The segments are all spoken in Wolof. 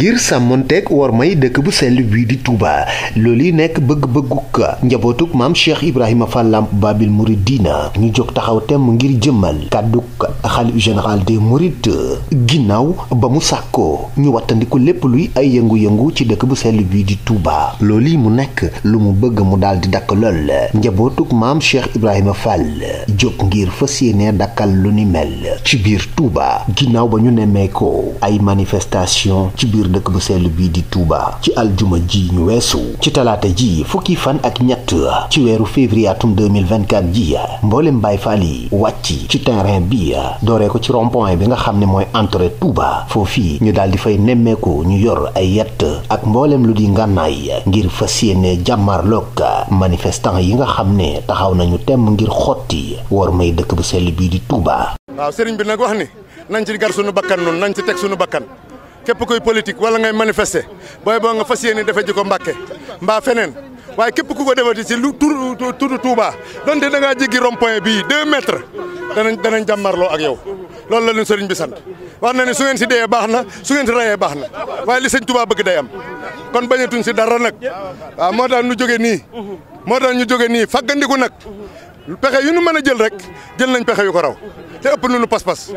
ngir sàmmonteeg war may dëkk bu sell bii di Touba loolu yi nekk bëgg-bëgguk njabootug maam Cheikh Ibrahima Fall Lamp Babil diina ñu jóg taxaw temm ngir jëmmal kàdduk xalif général des Mourides ginnaaw ba mu sàkkoo ñu wattandiku lépp luy ay yëngu-yëngu ci dëkk bu sell bii di Touba loolu yi mu nekk lu mu bëgg mu daal di dakk lool njabootug maam Cheikh Ibrahima Fall jóg ngir fas yéene dakkal lu ni mel ci biir Touba ginnaaw ba ñu nemmee ko ay manifestation dëkk bu sell bii di Touba ci aljuma ji ñu weesu ci talaata ji fukki fan ak ñett ci weeru février atum 2024 ji mboolem bay Faal yi wàcc ci terrain bi dooree ko ci rond bi nga xam ne mooy entre Touba foofii ñu daal di fay nemmeeku ñu yor ay yett ak mboolem lu di ngànnaay ngir fas yéene jàmmarloog manifestant yi nga xam ne taxaw nañu temm ngir xotti war may dëkk bu sell bii di Touba. waaw sëriñ bi nag wax ni nañ ci gar sunu bakkan noonu nañ ci teg sunu képp kuy politique wala ngay manifester booy boo nga fas yéene defee ji ko mbake mbaa feneen waaye képp ku ko defati si lu tur turu Touba donte da ngaa jéggi rond point bii deux mètres danañ danañ jàmmarloo ak yow loolu la leen sëriñ bi sant wax na ne su ngeen si deyee baax na su ngeen si rayee baax na waaye li sëñ Touba bëgg day am kon bañatuñ si dara nag waaw moo daan ñu jóge nii moo daan ñu jóge nii faggandiku nag pexe yu ñu mën a jël rek jël nañ pexe yu ko raw te ëpp nañu pas-pas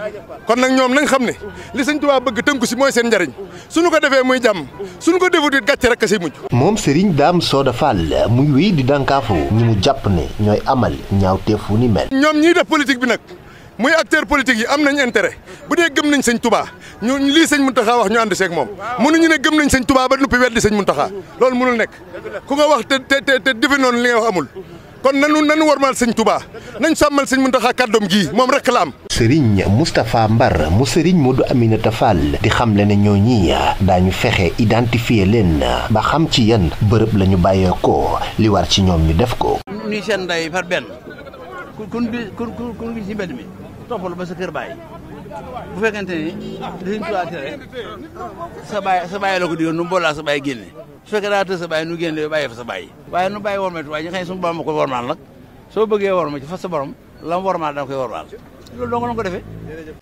kon nag ñoom nañ xam ne li sëñ Tuubaa bëgg tënku si mooy seen njariñ suñu ko defee muy jàmm suñu ko defut it gàcce rek a siy mujj. moom Serigne Dame Soda Fall muy wéy di dànkaafu ñi mu jàpp ne ñooy amal ñaawteef wu ni mel. ñoom ñii def politique bi nag muy acteur politique yi am nañ intérêt bu dee gëm nañ sëñ tubaa ñu lii sëñ Muntaxa wax ñu ànd seeg moom mënuñu ne gëm nañ sëñ tubaa ba noppi weddi sëñ Muntaxa loolu mënul nekk ku nga wax te te te defe noonu li amul kon nanu nanu warmaal sëñ Touba nañ sàmmal sëñ Mountakha kàddoom gii moom rek la am. Serigne Moustapha Mbar mu Serigne Modou Aminata Fall di xamle ne ñoo ñi daañu fexe identifier leen ba xam ci yan bërëb la ñu bàyyeekoo li war ci ñoom ñu def ko. ñuy seen ndey far benn ku ku ku ku ci mbedd mi toppal ba sa kër bàyyi. bu fekkente ni li ñu tubaab tere sa bàyyi sa bàyyi la ko digoon nu mu boolaa sa bàyyi génne su fekkee daa sa bàyyi nu génne bàyyi fa sa bàyyi waaye nu bàyyi wormay tubaab ñi xëy suñu borom ma ko wormaal nag soo bëggee worma ci fa sa borom la mu wormaal danga koy wormaal loolu dong la ko defee.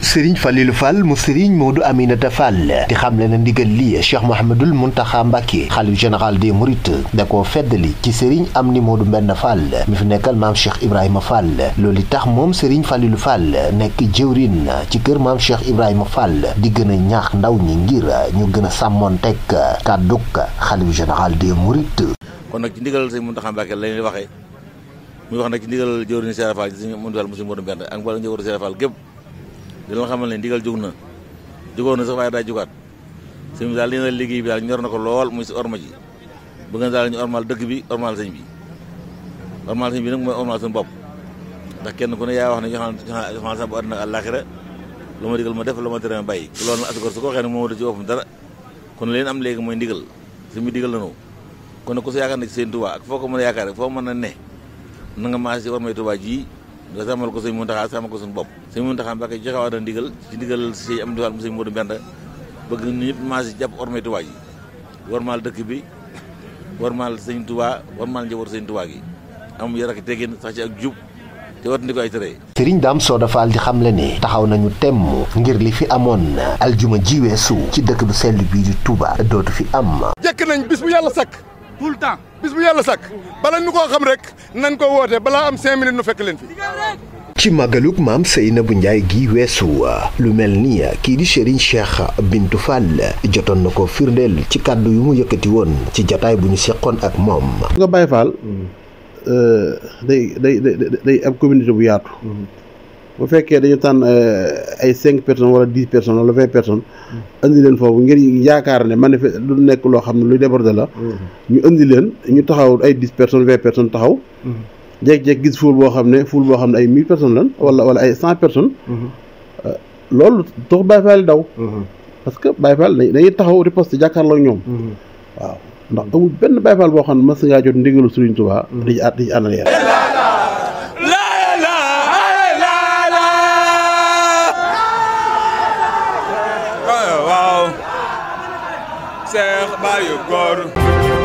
Serigne Falilou Fall mu Serigne Modou Aminata Fall di xamle na ndigal li Cheikh Mouhamadul Mountakha Mbacké xalif général des Mourides da fedd li ci Serigne am ni Modou Mbenn Fall mi fi nekkal maam Cheikh Ibrahima Fall loolu tax moom Serigne falilu Fall nekk jëwrin ci kër maam Cheikh Ibrahima Fall di gën a ñaax ndaw ñi ngir ñu gën a sàmmoon teg kàdduk xalif général des Mourides. kon nag ci ndigal Serigne Mountakha Mbacké lañuy waxee. muy wax nag ci ndigal jëwriñu Serigne Fall si Modou Fall monsieur Modou Mbène ak mboolem njëwriñu gépp di la xamal ne ndigal jóg na jógoon na sax waaye daa jógaat sëñ bi daal na liggéey bi daal ñor na ko lool muy si orma ji bëgg na daal ñu ormal dëkk bi ormal sëñ bi ormal sëñ bi nag mooy ormal suñu bopp ndax kenn ku ne yaa wax ne joxaan sa bu àddina àllaaxira lu ma digal ma def lu ma tere ma loolu nag asgor su ko waxee ne moo da ci boppam dara kon leen am léegi mooy ndigal su bi digal na nu kon ku si yaakaar na seen Tuubaa ak foo ko mën a yaakaar foo mën a ne na nga maas ci ormay Tuubaa ji nga sàmmal ko sëñ Muntaxa sàmmal ko suñu bopp sëñ Muntaxa Mbàkke joxe waat na ndigal ci ndigal si am diwal mu sëñ ji dëkk bi warmaal sëñ Tuubaa warmaal njaboot sëñ Tuubaa gi am yar ak teggin sax ci ak jub te wat ndi ko ay tëree sëriñ Daam Sooda Fall di xamle ni taxaw nañu temm ngir li fi amoon aljuma ji weesu ci dëkk bu sell bii di Touba dootu fi am jëkk nañ bis bu yàlla sakk tout le temps bis bu yàlla sàkk bala ñu koo xam rek nañ ko woote balaa am cinq minutes nu fekk leen fi ci magaluk maam bu Ndiaye gi weesu lu mel ni kii di Serigne a Bintou Fall jotoon na ko firndeel ci kàddu yu mu yëkkati woon ci jataay bu ñu seqoon ak moom. nga Baye Fall mm. euh, day day day day ab communauté bu yaatu. Mm. bu fekkee dañu tànn euh, ay cinq person wala dix personnes wala vingt personnes indi leen foofu ngir yaakaar ne manifeste du nekk loo xam ne luy déborde la ñu indi leen ñu taxaw ay dix personnes vingt personnes taxaw jékki-jékki gis ful boo xam ne ful boo xam ne ay mille person lan wala wala ay cent personnes euh, loolu tax Baye Fall daw parce que Baye Fall dañuy taxaw riposte jàkkaarloo ñoom waaw ndax amul benn Baye Fall boo xam ne mas ngaa jot ndigalu Serigne Touba di ci ànd Seex Baayu Góor